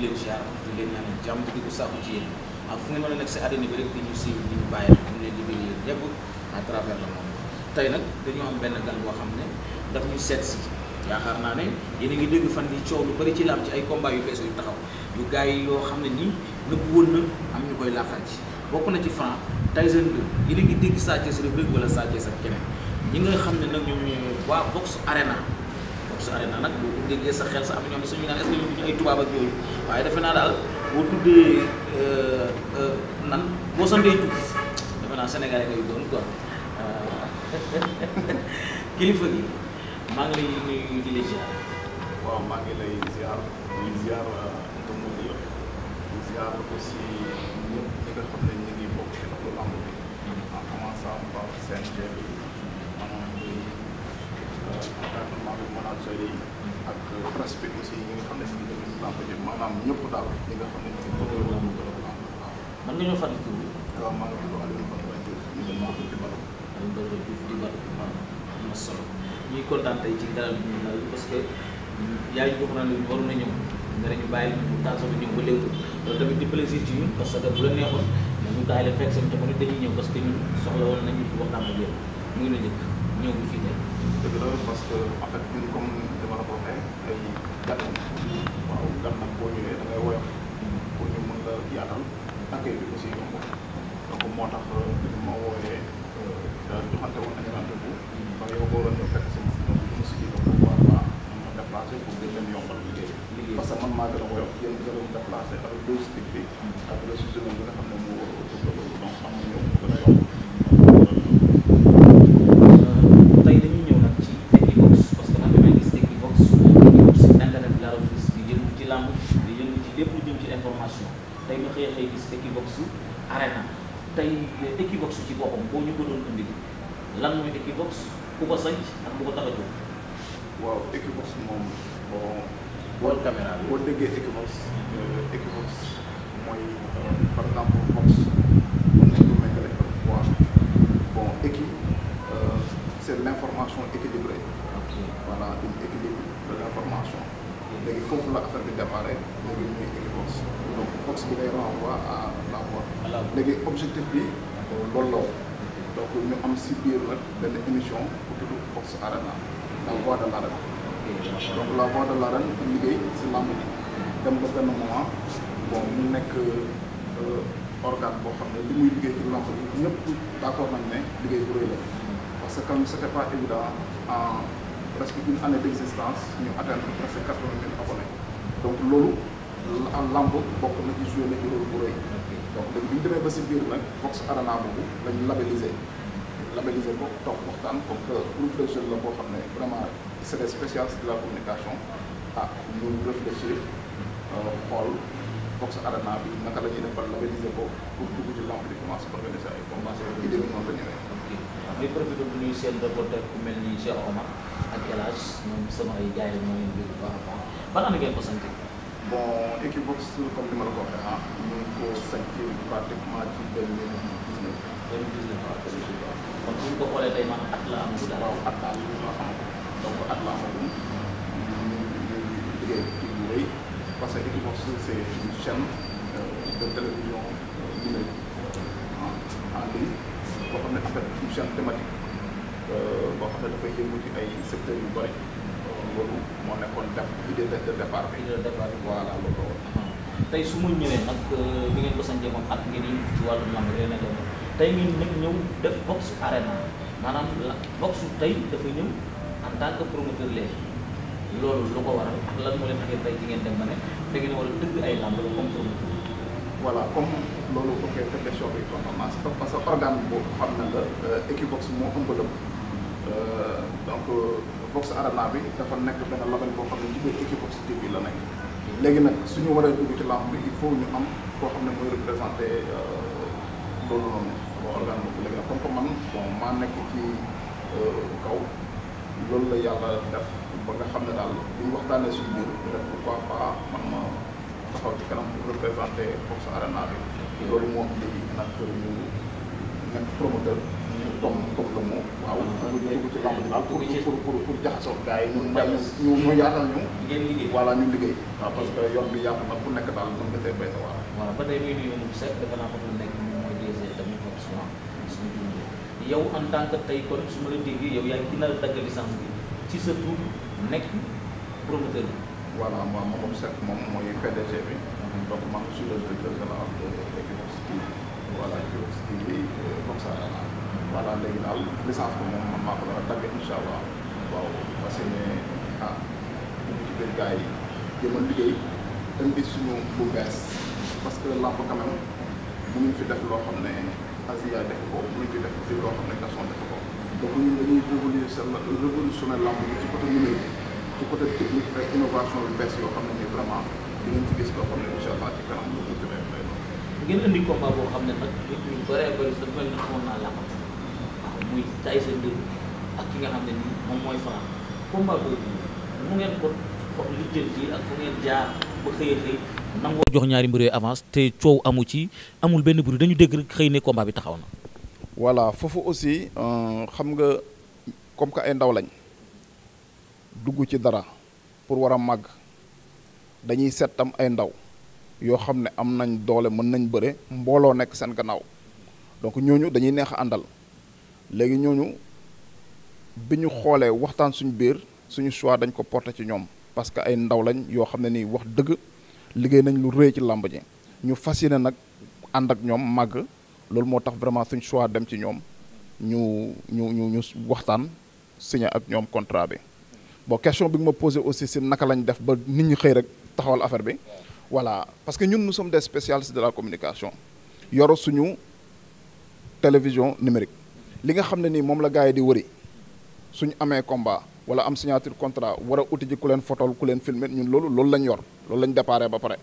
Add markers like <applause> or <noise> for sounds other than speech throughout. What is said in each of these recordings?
leen ziar di leen ñaanal jàmm di ko sàkku ci yéen ak fu ngeen mën a nekk si àddina bi rek di ñu siiw di bàyyi xel ñu leen di bëgg à travers le monde tey nag dañoo am benn gan boo xam ne daf ñu seet si yaakaar naa ne yéen a ngi dégg fan yi coow lu bëri ci am ci ay combat yu bees yu taxaw yu gars yi yoo xam ne nii nëbb woon na am ñu koy làqal ci bokk na ci Franc Tyson 2 yéen a ngi dégg Sa Thiès Reug Reug wala Sa Thiès ak keneen ñi nga xam ne nag su arena nag boo ko déggee sa xel sa am ñoom suñu naan est-ce que ñu ay tubaab ak yooyu waaye defe naa daal boo tuddee euh, euh, nan boo santee Diouf defe naa Sénégal ngay doon quoi euh, <laughs> kilifa gi maa ngi lay nuyu di ziar. waaw maa ngi lay ziar di ziar Tongo Dio di nga xam ne ñu ngi bokk ci loolu am bi mm-hmm. en commençant par CNG bi. ak presse bi aussi ñi nga xam ne fi ñu di Badara am ñuy kontaan tey ci dalal bi ñu parce que yaa ngi jox naan waru na ñëw nga ne ñu bàyyi ñu tànsoon ñëw ba léegi loolu tamit di plaisir ci ñun parce que bu la neexoon ñu kaay la fekk seen jamono dañuy ñëw parce que ñun mu ngi la njëkk. ñëw bi fii tey. dëgg la comme li la ko waxee ngay woyof bi aussi yomb moo tax dañu euh, ma wooyee euh, daal joxante woon nañu rendez-vous ndax mm. yow boo doon fekk si si man maa gën a woyof yéen gën a déplacé ak logistique bi mm. ak ressources bi nga xam ne moo donc am na ñoom information tey ma xëy a xëy gis Equivox Arena tey Equivox ci boppam boo ñu ko doon indi lan mooy Equivox ku ko sañ ak ku ko tax a jóg. waaw Equivox moom bon. wàllu caméra bi boo déggee Equivox. Euh, Equivox mooy euh, par exemple box mën nañu ko méngale ak poids bon équi euh, c' est l' information équilibrée. voilà une équilibre de l' information. léegi foofu la affaire bi démarré léegi ñu ngi indi box donc box bi day renvoi à la porte léegi objectif bi loolu la donc ñu am si biir nag benn émission bu tudd Box Arena la voix de l'arène donc la voix de l'arène liggéey si làmb ji dem ba benn moment bon mu nekk euh, organe boo xam ne li muy liggéey ci làmb ji ñëpp d'accord nañ ne liggéey bu rëy la parce que comme c'était évident presque une année d'existence ñu atteindre presque quatre-vingt mille abonnés donc loolu la bokk na ci joué na ci bu rëy donc léegi demee ba si biir nag Vox Arena boobu la ñu labellisé labellisé ko toog waxtaan comme que groupe boo xam ne vraiment c'est des spécialistes de la communication ah ñu réfléchir euh, xool Vox Arena bi naka la ñuy def ba pour dugg ci lamb di commencé organiser ay combats idée bi noonu la ñëwee di profité bu nuyu seen reporter mel ni Cheikh Omar ak El Hadj ñoom sama ay gars yi moo leen di bu baax a baax ban année ngeen ko sant. bon Equivox comme ni ma la ko ah, ko sant pratiquement ci benn dix neuf. benn dix neuf waaw benn dix neuf kon bu ñu ko xoolee tey at la am. waaw at la am donc at parce que Equivox c'est une chaîne euh, de télévision euh, numérique euh, boo xam ne en fait une chaîne thématique euh, boo xam ay secteurs yu bëri loolu moo nekkoon def idée de départ bi. idée de départ bi tey su ma ñëwee nag euh, bi ngeen ko sañcee moom ak ngeen wàllu lamb yooyu nag tey ngeen nag ñëw def box arena maanaam la box tey dafa ñëw en tant que promoteur léegi loolu lu ko waral ak lan moo leen xëy tey ci ngeen dem ba ne da ngeen war a dëgg ay lamb comme voilà comme loolu ok question bi tontu naa si parce que organe boobu xam na la euh, Equivox moo ëmb lëpp euh, donc euh, Vox Arena bi dafa nekk benn label boo xam ne ci biir Equivox TV la nekk. léegi nag suñu waree dugg ci làmb bi il faut ñu am koo xam ne mooy représenté loolu noonu organe boobu léegi nag comme que man maa nekk ci kaw loolu la yàlla def ba nga xam ne daal bu wax waxtaanee suñu biir rek pourquoi pas man ma. ci kanam pour représenter boxe arena bi loolu moo indi nag ñu nekk promoteur ñu tomb comme le mot waaw dugg ci lamb ji pour pour pour jaxasoo gars yaatal ñu voilà ñu liggéey waaw ah, parce que yoon bi yaatu na ku nekk daal mën nga see bay sa waar voilà ba tey muy nuyu mu set dafa naa xam nekk moom mooy DG tamit comme souvent suñu dund yow en tant que tey kon su ma la déggee yow yaa ngi gën a dagg licence bi ci sa tur nekk promoteur voilà ma moom Seck moom moo PDG bi mhm. donc man je suis le directeur général de Equivox voilà Equivox euh, TV mhm. voilà léegi daal licence bi moom man maa ko war a tàggee allah waaw parce que ah ñu ngi yi jéem liggéey indi suñu lu bees parce que làmb quand même mënuñ fi def loo xam ne Asia def ko mënuñ fi def loo xam ne Gaston def ko donc dañuy révolutionner révolutionner làmb ci côté numérique ci ki nga xam ne nii moom mooy Franc combat boobu mu ngeen ko wax lijjanti ak fu ngeen jaar ba xëy xëy nangoo jox ñaari mbir yooyu avance te coow amu ci amul benn bruit dañu dégg rek xëy ne combat bi taxaw na. voilà foofu aussi euh, xam nga comme que ay ndaw lañ. dugg ci dara pour war a màgg dañuy seet tam ay ndaw yoo xam ne am nañ doole mën nañ bëre mbooloo nekk seen gannaaw donc ñooñu dañuy neex àndal léegi ñooñu bi ñu xoolee waxtaan suñu biir suñu choix dañ ko porté ci ñoom parce que ay ndaw lañ yoo xam ne nii wax dëgg liggéey nañ lu rëy ci làmb ji ñu fas ne nag ànd ak ñoom màgg loolu moo tax vraiment suñu choix dem ci ñoom ñu ñu ñu waxtaan signé ak ñoom contrat bi bon question bi nga ma posé aussi si naka lañ def ba nit ñi xëy rek taxawal affaire bi voilà parce que ñun nous sommes des spécialistes de la communication yoro suñu télévision numérique li nga xam ne nii moom la gars yi di wëri suñu amee combat wala am signature contrat war a uti ji ku leen foto ku leen filmer ñun loolu loolu lañ yor loolu lañ déparé ba pare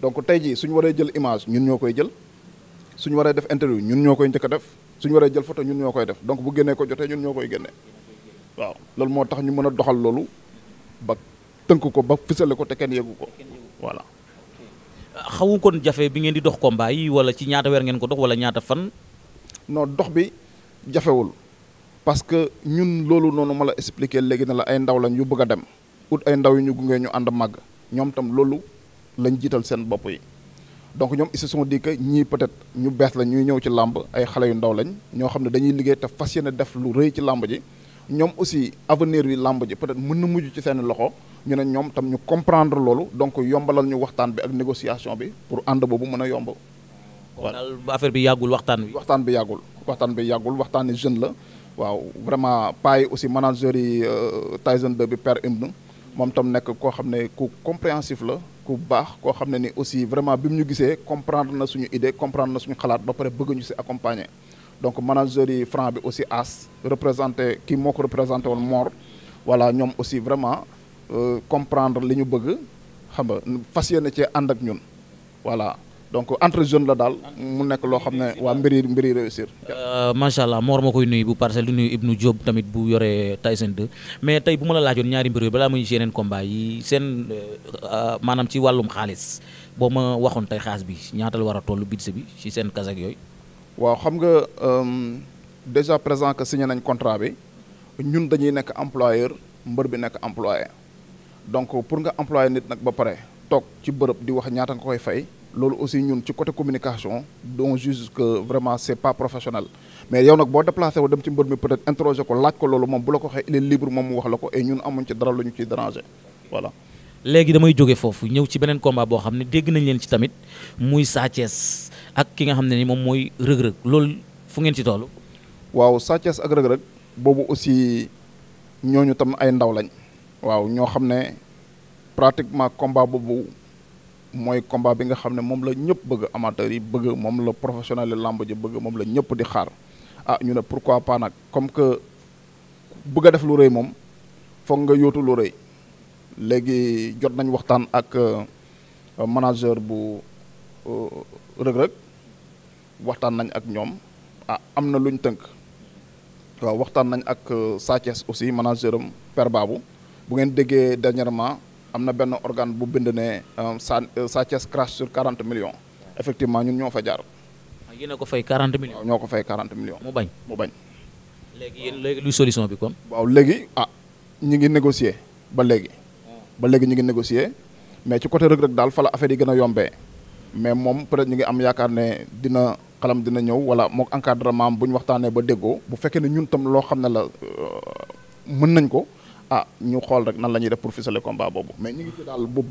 donc tey jii suñu waree jël image ñun ñoo koy jël suñu waree def interview ñun ñoo koy njëkk a def suñu waree jël photo ñun ñoo koy def donc bu génnee ko jotee ñun ñoo koy génnee waaw loolu moo tax ñu mën a doxal loolu ba tënk ko ba fësale ko te kenn yëgu ko voilà. xawu kon jafe bi ngeen di dox combat yi wala ci ñaata weer ngeen ko dox wala ñaata fan. noo dox bi jafewul parce que ñun loolu noonu ma la expliquer léegi ne la ay ndaw lañ yu bëgg dem ut ay ndaw yu ñu gungee ñu ànd màgg ñoom tam loolu lañ jiital seen bopp yi donc ñoom ils se sont dit que ñii peut ñu bees la ñuy ñëw ci làmb ay xale yu ndaw lañ ñoo xam ne dañuy liggéey te fas yéene def lu rëy ci làmb ji. ñoom aussi avenir bi làmb ji peut-être mën na mujj ci seen loxo ñu ne ñoom tam ñu comprendre loolu donc yombalal ñu waxtaan bi ak négociation bi pour ànd boobu mën a yomb. waaw daal affaire bi yàggul waxtaan bi. waxtaan bi yàggul waxtaan bi yàggul waxtaani jeune la waaw vraiment paa yi aussi manager yi euh, Tyson 2 bi père Imna moom tam nekk koo xam ne ku compréhensif la ku baax koo xam ne ni aussi vraiment bi mu ñu gisee comprendre na suñu idée comprendre suñu xalaat ba pare bëgg si accompagner. donc manager yi franc bi aussi as représenté ki moo ko représenté woon Mor voilà ñoom aussi vraiment euh, comprendre li ñu bëgg xam nga fas yéene cee ànd ak ñun voilà donc entre jeune la daal mu nekk loo xam ne waa mbir yi mbir yi réussir. Euh, macha allah Mor ma koy nuyu bu parcelle di nuyu Ibnu Diop tamit bu yore Tyson 2 mais tey bu ma la laajoon ñaari mbir yooyu balaa muy yeneen combat yi seen euh, maanaam ci wàllum xaalis boo ma waxoon tey xaas bi ñaata la war a toll budget bi ci seen kasak yooyu. waaw xam nga euh, déjà présent que signé nañ contrat bi ñun dañuy nekk employeur mbër bi nekk employé donc pour nga employé nit nag ba pare toog ci bërëb di wax ñaata nga koy fay loolu aussi ñun ci côté communication donc juge que vraiment c'est pas professionnel mais yow nag boo déplacé wu dem ci mbër mi peut-être interroger ko laaj ko loolu moom bu la ko waxee il libre moom mu wax la ko et ñun amuñ ci dara lu ñu ciy déranger voilà léegi damay jóge foofu ñëw ci beneen combat boo xam ne dégg nañ leen ci tamit muy Sa ak ki nga xam ne ni moom mooy rëg-rëg loolu fu ngeen ci toll. waaw Sa Thiès ak rëg-rëg boobu aussi ñooñu tam ay ndaw lañ. waaw ñoo xam ne pratiquement combat boobu mooy combat bi nga xam ne moom la ñëpp bëgg amateur yi bëgg moom la professionnel làmb ji bëgg moom la ñëpp di xaar ah ñu ne pourquoi pas nag comme que bëgg def lu rëy moom foog nga yóotu lu rëy. léegi jot nañ waxtaan ak euh, manager bu euh, rëg-rëg waxtaan nañ ak ñoom ah am na luñ tënk waaw waxtaan nañ ak euh, Sa Thiès aussi manager am Père Babou bu ngeen déggee dernièrement am na benn organe bu bind ne Sa Sa Thiès crash sur 40 millions effectivement ñun ñoo fa jaar. Ah, yéen a ko fay 40 millions. ñoo ko fey 40 millions. mu bañ mu bañ. léegi yéen léegi luy solution bi kon. waaw léegi ah ñi ngi négocier ba léegi. ba léegi ñu ngi négocier mais ci côté Reug Reug daal fa la yi gën a yombee mais moom peut-être ñu ngi am yaakaar ne dina xalam dina ñëw wala mook encadrement bu ñu waxtaanee ba déggoo bu fekkee ne ñun tam loo xam ne la euh, mën nañ ko ah ñu xool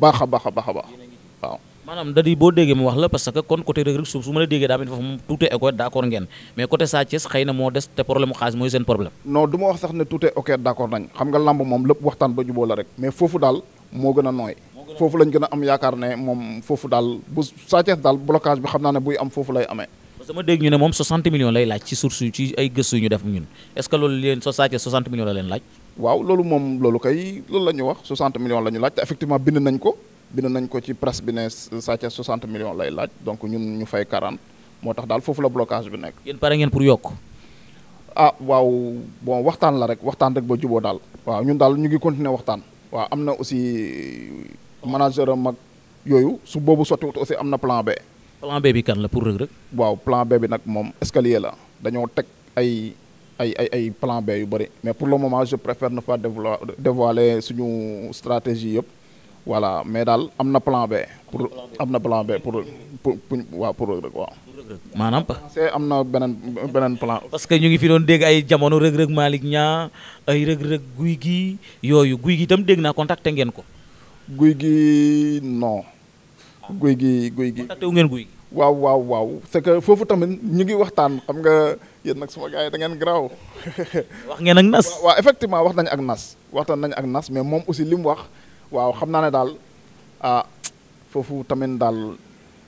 baax a baax a a baax waaw. maanaam da di boo déggee mu wax la parce que kon côté Reug Reug su ma la déggee daa mel ni foofu moom ngeen mais côté Sa Thiès xëy na moo des te problème xaalis mooy seen problème. wax sax ne tout est ok nañ xam nga lamb moom lépp waxtaan ba jubóo la rek mais foofu daal. moo gën a nooy foofu lañ gën a am yaakaar ne moom foofu daal bu Sa daal blocage bi xam naa ne buy am foofu lay amee sama dégg ñu ne moom 60 millions lay laaj ci source ci ay gëstu ñu def ñun est-ce que loolu leen soo Sa Thiès 60 la leen laaj waaw loolu moom la ñu laaj te effectivement bind nañ ko bind nañ ko ci presse bi ne Sa Thiès 60 millions lay laaj donc ñu fay 40 moo tax daal foofu la blocage bi nekk yéen pare ngeen pour yokk ah waaw bon waxtaan la rek waxtaan rek ba juboo daal waaw ñun daal ñu ngi continuer waxtaan waaw am na aussi euh, manager am mag yooyu su boobu sottiwut aussi am na plan B. plan B bi kan la pour Reug Reug. waaw plan B bi nag moom escalier la dañoo teg ay ay ay ay plan B yu bëri mais pour le moment je préfère ne pas dévoiler suñu stratégie yëpp voilà mais daal am na plan B. pour am na plan B pour pour pour Reug Reug waaw. maanaam. c'est am na beneen beneen plan. parce que ñu ngi fi doon dégg ay jamono Reug Reug Malick Niang ay Reug Reug guy gi yooyu guy gi itam dégg naa contacté ngeen ko. guy gi non. guy gi guy gi contacté ngeen guy waaw waaw waaw c'est que foofu tamit ñu ngi waxtaan xam nga yéen nag suma gars yi da ngeen garaaw. <laughs> wax ngeen ak nas waaw effectivement wax nañ ak nas waxtaan nañ ak nas mais moom aussi li mu wax waaw xam naa ne daal ah foofu tamit daal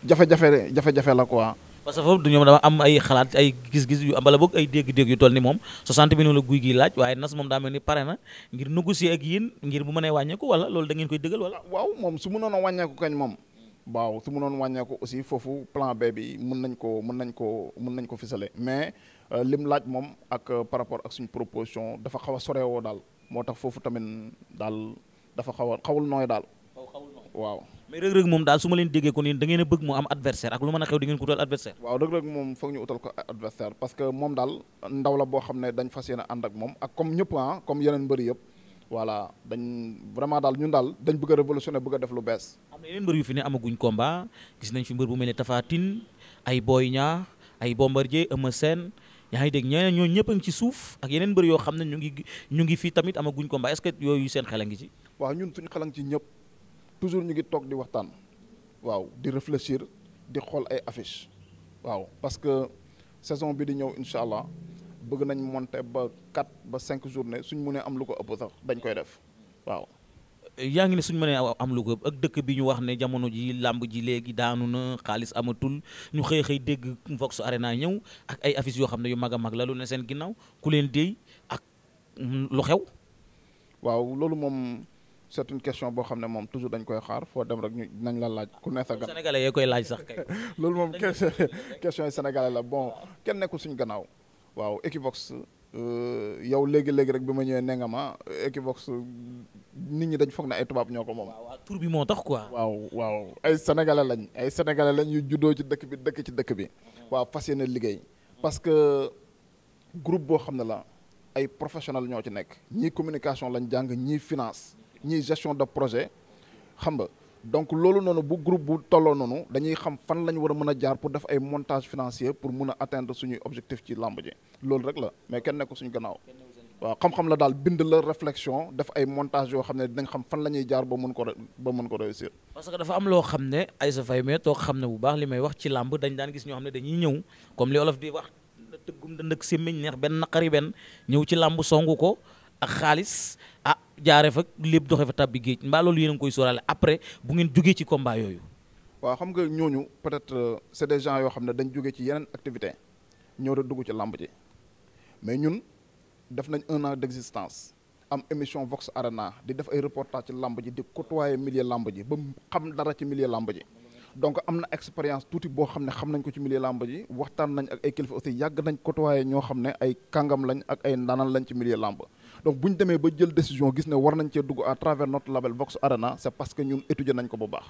jafe-jafe jafe-jafe la quoi. parce que foofu du ñoom dama am ay xalaat ay gis-gis yu bala boog ay dégg-dégg yu toll ni moom 60 millions la guy gi laaj waaye nas moom daa mel ni pare na ngir négocier ak yéen ngir bu mënee wàññeeku wala loolu da ngeen koy dëggal wala waaw moom su mënoon a wàññeeku kañ moom waaw su mënoon wàññeeku aussi foofu plan B bi mën nañ ko mën nañ ko mën nañ ko fisale mais euh, lim laaj moom ak euh, par rapport ak suñ proposition dafa xaw a sorewoo daal moo tax foofu tamit daal dafa xaw a xawul nooy daal mais rëg-rëg moom daal su ma leen déggee kon yéen da ngeen a bëgg mu am adversaire ak lu mën a xew di ngeen ko utal adversaire waaw rëg-rëg moom foog ñu utal ko adversaire parce que moom daal ndaw la boo xam ne dañ fas yéene ak moom ak comme ñëpp ah bëgg a révolutionner bëgg def lu bees am na yeneen mbër yu fi ne amaguñ combat gis nañ fi mbër bu mel ne Tapha Tine ay Boy Niang ay Bombardier Eumeu Sène yaa ngi dégg ñeneen ñoo ñëpp ngi ci suuf ak yeneen mbër yoo xam ne ñu ngi ñu ngi fii tamit amaguñ combat est-ce que yooyu seen xel a ngi ci waaw ñun suñu xel a ngi ci ñëpp toujours ñu ngi toog di waxtaan waaw di réfléchir di xool ay affiche waaw parce que saison bi di ñëw incha allah bëgg nañ monter ba quatre ba cinq journée suñ mënee am lu ko ëpp sax dañ koy def waaw. yaa ngi ne suñ mënee am lu ko ëpp ak dëkk bi ñu wax ne jamono ji làmb ji léegi daanu na xaalis amatul ñu xëye xëy dégg Vox naa ñëw ak ay affiches yoo xam ne yu mag a mag la lu ne seen ginnaaw ku leen déy ak lu xew. waaw loolu moom c'est question boo xam ne moom toujours dañ koy xaar foo dem rek ñu nañ la laaj ku ne sa gannaaw sénégalais yee koy laaj sax kay <laughs> loolu moom <laughs> question yi sénégalais la bon kenn nekkul suñu gannaaw waaw Equivox euh, yow léegi léegi rek bi ma ñëwee ne nga ma Equivox nit ñi dañ foog ne ay tubaab ñoo ko moom. waaw tur bi moo tax quoi. waaw waaw ay sénégalais lañ ay sénégalais lañ yu juddoo ci dëkk bi dëkk ci dëkk bi. waaw fas yéene liggéey. parce que groupe boo xam ne la ay professional ñoo ci nekk. ñii communication lañ jàng ñii finance. ñiy gestion de projet xam nga donc loolu noonu bu groupe bu tolloo noonu dañuy xam fan la ñu war a mën a jaar pour def ay montage financier pour mun a atteindre suñuy objectif ci làmb ji loolu rek la mais kenn nekkul suñu gannaaw waaw xam-xam la daal bind la réflexion def ay montage yoo xam ne dinañ xam la ñuy jaar ba mun ko ba ne dañuy ñëw comme li olof di wax tëggum dënd ak sémmiñ neex benn naqari benn ñëw ci làmb songu ko ak xaalis. jaare fa lépp doxe fa tàbbi géej mbaa loolu yéen koy sóoraale après bu ngeen jógee ci combat yooyu. waaw xam nga ñooñu peut-être euh, c'est des gens yoo xam ne dañ jógee ci yeneen activité ñëw doon dugg ci làmb ji mais ñun def nañ un an d'existence am émission Vox Arena di def ay reportage ci làmb ji di côtoyer milieu làmb ji ba xam dara ci milieu làmb ji. donc am na expérience tuuti boo xam ne xam nañ ko ci milieu làmb ji waxtaan nañ ak ay kilifa aussi yàgg nañ côtoyé ñoo xam ne ay kàngam lañ ak ay ndaanaan lañ ci milieu làmb donc bu demee ba jël décision gis ne war nañ cee dugg à travers notre label Vox Arena c'est parce que ñun étudier nañ ko bu baax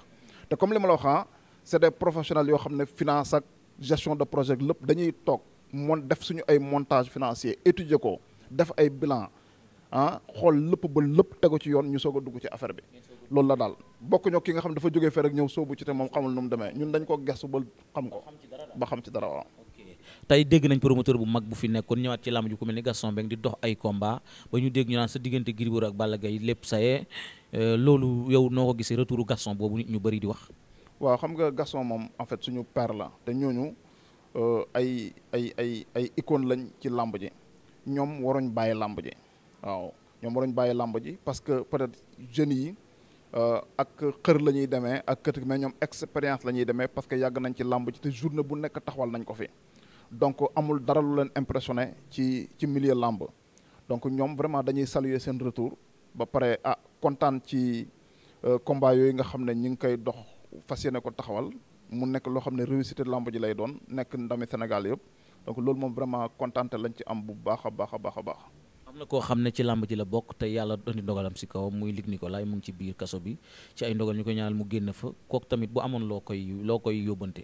te comme li ma la wax ah, c'est des professionnels yoo xam ne finance ak gestion de projet lépp dañuy toog moon def suñu ay montage financier étudier ko def ay bilan ah xool lépp ba lépp tegu ci yoon ñu soog a dugg ci affaire bi loolu la daal bokk ñoo ki nga xam dafa jógee fee rek ñëw soobu ci te moom xamul nu mu demee ñun dañ ko gestu ba xam ko ba xam ci dara waaw tey dégg nañ promoteur bu mag bu fi nekkoon ñëwaat ci làmb ji ko mel ni Gaston Mbengue di dox ay combat ba ñu dégg ñu naan sa diggante Gris Bordeaux ak Balla Gaye lépp saye euh, loolu yow noo ko gisee retour Gaston boobu nit ñu bëri di wax waaw xam nga Gaston moom en fait suñu père la te ñooñu euh, ay ay ay ay icône lañ ci làmb ji ñoom waruñ bàyyi làmb ji waaw ñoom waruñ bàyyi làmb ji parce que peut-être jeunes yi euh, ak xër la ñuy demee ak kër mais ñoom expérience la ñuy demee parce que yàgg nañ ci làmb ji te journée bu nekk taxawal nañ ko fi donc amul dara lu leen impressionné ci ci milieu làmb donc ñoom vraiment dañuy saluer seen retour ba pare ah kontaan ci euh, combat yooyu nga xam ne ñi ngi koy dox fas yéene ko taxawal mu nekk loo xam ne réussite làmb ji lay doon nekk ndami Sénégal yëpp donc loolu moom vraiment kontaan lañ ci am bu baax a baax a baax baax. am na koo xam ne ci làmb ji la bokk te yàlla dondi ndogalam si kawam muy Luc Nicolaï mu ngi ci biir kaso bi ci ay ndogal ñu ko ñaanal mu génn fa kooku tamit bu amoon loo koy loo koy yóbbante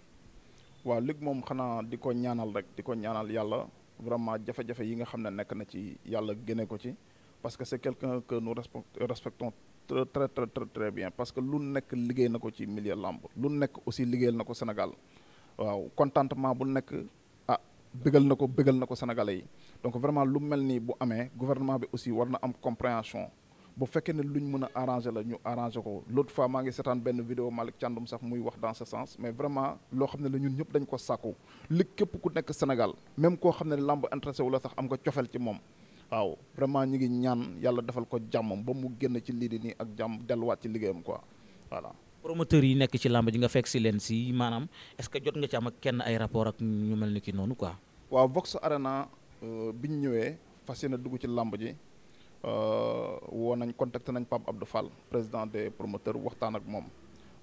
waaw Luc moom xanaa di ko ñaanal rek di ko ñaanal yàlla vraiment jafe-jafe yi nga xam ne nekk na ci yàlla génne ko ci parce que c'est quelqu'un que nous respectons très tre très très bien parce que lu nekk liggéey na ko ci milieu làmb lu nekk aussi liggéeyal na ko Sénégal bëggal na ko bégal na ko sénégalais yi donc vraiment lu mel nii bu amee gouvernement bi aussi war na am compréhension bu fekkee ne luñ mën a arranger la ñu arranger ko l'autre fois maa ngi seetaan benn vidéo Malick Thiandoum sax muy wax dans ce sens mais vraiment loo xam ne la ñun ñëpp dañ ko sàkku li képp ku nekk Sénégal même koo xam ne làmb intéressé wu la sax am nga cofeel ci moom waaw vraiment ñu ngi ñaan yàlla defal ko jàmmam ba mu génn ci lii di nii ak jàmm delluwaat ci liggéeyam quoi voilà promoteur yi nekk ci làmb ji nga fekk si leen si maanaam est-ce que jot nga ci kenn ay rapport ak ñu mel ni ki noonu quoi. waaw Vox Arena euh, bi ñu ñëwee fas yéene dugg ci làmb ji euh, woo nañ contacté nañ Pape Abdou Fall président des promoteurs waxtaan ak moom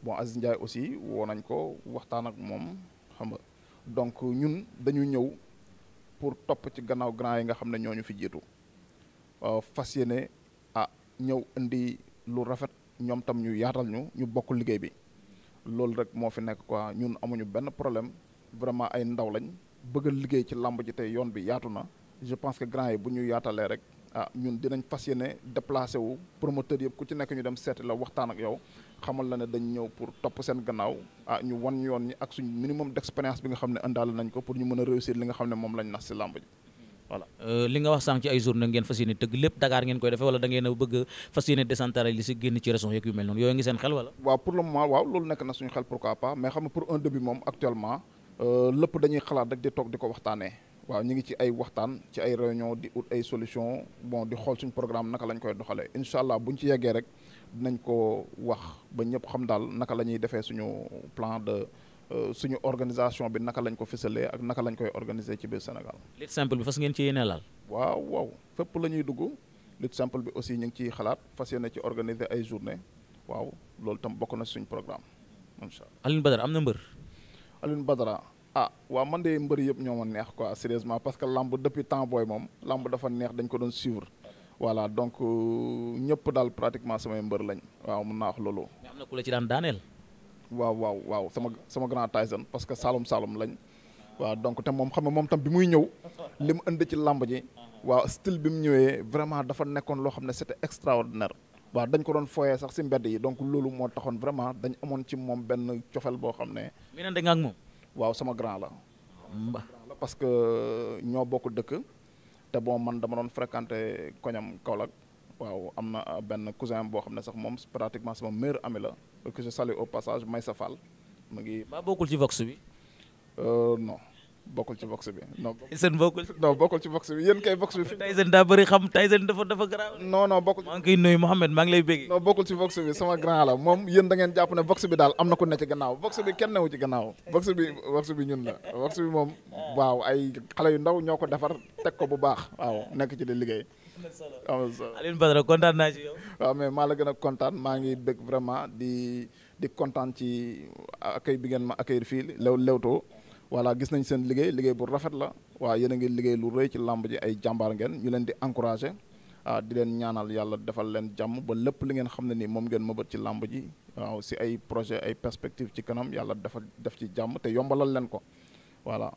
bon Aziz Ndiaye aussi woo nañ ko waxtaan ak moom xam nga donc ñun dañu ñëw pour topp ci gannaaw grand yi nga xam ne ñoo ñu fi jiitu euh, fas yéene ah ñëw indi lu rafet. ñoom tam ñu yaatal ñu ñu bokk liggéey bi loolu rek moo fi nekk quoi ñun amuñu benn problème vraiment ay ndaw lañ bëgg a liggéey ci làmb ji te yoon bi yaatu na je pense que grand yi bu ñu yaatalee rek ah ñun dinañ fas yéene déplacé wu promoteur yëpp ku ci nekk ñu dem seeti la waxtaan ak yow xamal la ne dañ ñëw pour topp seen gannaaw ah ñu wan yoon ñi ak suñ minimum d'expérience bi nga xam ne indaale nañ ko pour ñu mën a réussir li nga xam ne moom lañ nas si làmb voilà euh, li nga wax sànq ci ay journée ngeen fas yéene tëgg lépp Dakar ngeen koy defee wala da a bëgg a fas yéene décentraliser génn ci région yeeg yu mel noonu yooyu ngi seen xel wala waaw pour le moment waaw loolu nekk na suñu xel pourquoi pas mais xam pour un début moom actuellement euh, lépp dañuy xalaat rek di toog di ko waxtaanee waaw ñu ngi ci ay waxtaan ci ay réunion di ut ay solution bon di xool suñu programme naka lañu koy doxalee incha allah buñ rek dinañ ko wax ba ñëpp xam daal naka la ñuy defee suñu plan de Euh, suñu organisation bi naka lañ ko fësalee ak naka lañ koy organiser ci biir Sénégal. lutte simple bi fas ngeen ci yéene laal. waaw waaw fépp la ñuy dugg lutte simple bi aussi ñu ngi ciy xalaat fas yéene ci organiser ay journée waaw loolu tam bokk na suñ programme incha allah. Badara am na mbër. Alioune Badara ah waa man de mbër yëpp ñoo ma neex quoi sérieusement parce que lamb depuis temps booy moom lamb dafa neex dañ ko doon suivre. voilà donc euh, ñëpp daal pratiquement samay mbër lañ. waaw mun naa wax loolu. ci daan daaneel. waaw waaw waaw sama sama grand Tyson parce que Saloum Saloum lañ waaw donc te moom xam ne moom tam bi muy ñëw li mu ënd ci làmb ji waaw style bi mu ñëwee vraiment dafa nekkoon loo xam ne c'était extraordinaire waaw dañ ko doon fooyee sax si mbedd yi donc loolu moo taxoon vraiment dañ amoon ci moom benn cofel boo xam ne. miinante nga waaw sama grand la. parce que euh, ñoo bokk dëkk. te bon man dama doon fréquenté koñam Kaolack. waaw am na euh, benn cousin boo xam ne sax moom pratiquement sama meilleur ami la que je salue au passage Maysa Fall mu ngi. ba bokkul ci vox bi. Euh, non bokkul ci vox bi. non Tyson bokkul non bokkul ci vox bi yéen kay vox bi. Tyson daa bëri xam Tyson dafa dafa garaaw. non non bokkul ci maa ngi koy nuyu Mouhamed maa ngi lay bëgg. non bokkul ci vox bi sama grand la moom yéen da ngeen jàpp ne vox bi daal am na ku ne ci gannaaw vox bi kenn newu ci gannaaw. vox bi vox bi ñun la vox bi moom. waaw ay xale yu ndaw ñoo ko defar teg ko bu baax. waaw nekk ci di liggéey. am na solo naa ci yow. mais maa la gën a kontaan maa ngi dëgg vraiment di di kontaan ci accueil bi ngeen ma accueil fii lew Leewtoo voilà gis nañ seen liggéey liggéey bu rafet la waaw yéen liggéey lu rëy ci làmb ji ay jàmbaar ngeen ñu leen di encouragé waaw ah, di leen ñaanal yàlla defal leen jàmm ba lépp li ngeen xam ne ni moom ngeen mëbët ci làmb ji waaw si ay projet ay perspective ci kanam yàlla defal def ci jàmm te yombalal leen ko voilà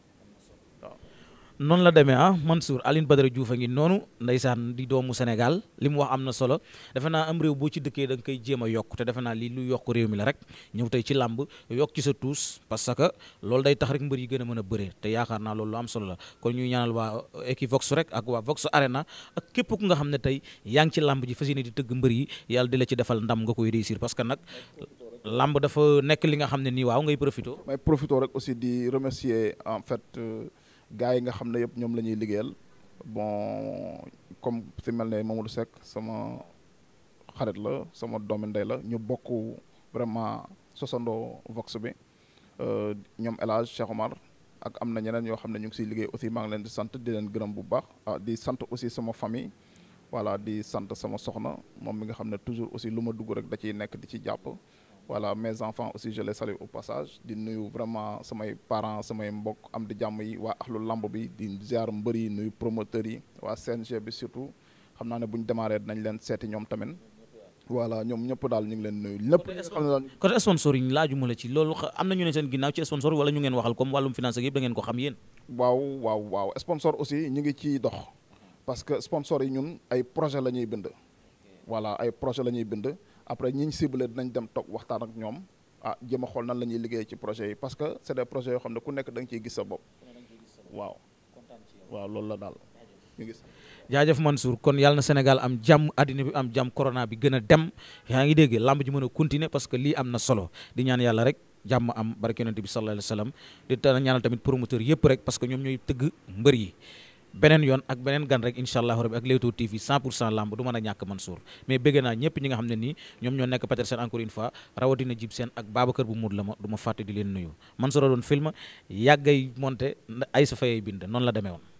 noonu la demee ah Mansour Alioune Badara Diouf a ngi noonu ndeysaan di doomu Sénégal li mu wax am na solo defe naa am réew boo ci dëkkee da nga koy jéem a yokk te defe naa li lu yokk réew mi la rek ñëw tey ci làmb yokk ci sa tuus parce que loolu day tax rek mbër yi gën a mën a bëree te yaakaar naa loolu lu am solo la kon ñuy ñaanal waa Equivox rek ak waa Vox Arena ak képp ku nga xam ne tey yaa ngi ci làmb ji fas yéene di tëgg mbër yi yàlla di la ci defal ndam nga koy réussir parce que nag làmb dafa nekk li nga xam ne nii waaw ngay profito may profito rek aussi di remercier en fait euh, gars yi nga xam ne yëpp ñoom lañuy ñuy bon comme si mel ne du Seck sama xarit la sama doomi ndey la ñu bokk vraiment sosandoo Vox bi euh, ñoom élage Hadj Cheikh ak am na ñeneen yoo xam ne ñu ngi siy liggéey aussi maa ngi leen di sant di leen gërëm bu baax ah di sant aussi sama famille voilà di sant sama soxna moom mi nga xam ne toujours aussi lu ma dugg rek da ciy nekk di ci jàpp voilà mes enfants aussi je les salue au passage di nuyu vraiment samay parents samay mbokk am di jàmm yi waa axlu lamb bi di ziar mbër yi nuyu promoteurs yi waa CNG bi surtout xam naa ne bu ñu démarré dinañ leen seeti ñoom tamit voilà ñoom ñëpp daal ñu ngi leen nuyu ñëpp côté sponsor yi laajuma la ci loolu am na ñu ne seen ginnaaw ci sponsor wala ñu ngeen waxal comme wàllum finance yëpp da ngeen ko xam yéen waaw waaw waaw sponsor aussi ñu ngi ciy dox parce que sponsor yi ñun ay projet la ñuy bind voilà ay projet la ñuy bind après ñi ñu ciblé dinañ dem toog waxtaan ak ñoom ah jéem a xool nan la ñuy ci projets yi parce que c'est des projets yoo xam ne ku nekk da nga ciy gis sa bopp. waaw waaw la daal ñu gis. jaajëf Mansour kon yàlla na Sénégal am jàmm àddina bi am jàmm corona bi gën a dem yaa ngi dégg làmb ji mën a continuer parce que lii am na solo di ñaan yàlla rek jàmm am barke yonent bi sallallahu alayhi di tamit promoteur yëpp rek parce que ñoom ñooy tëgg mbër yi. beneen yoon ak beneen gan rek incha allahu rabi ak Leewtoo TV 100 pour cent lamb du mën a ñàkk Mansour mais bëgg naa ñëpp ñi nga xam ne nii ñoom ñoo nekk Petersen encore une fois rawatina Jib Seen ak Babacar bu muur la ma du ma fàtte di leen nuyu Mansour a doon film yàggay monté ay sa fayay bind noonu la demee woon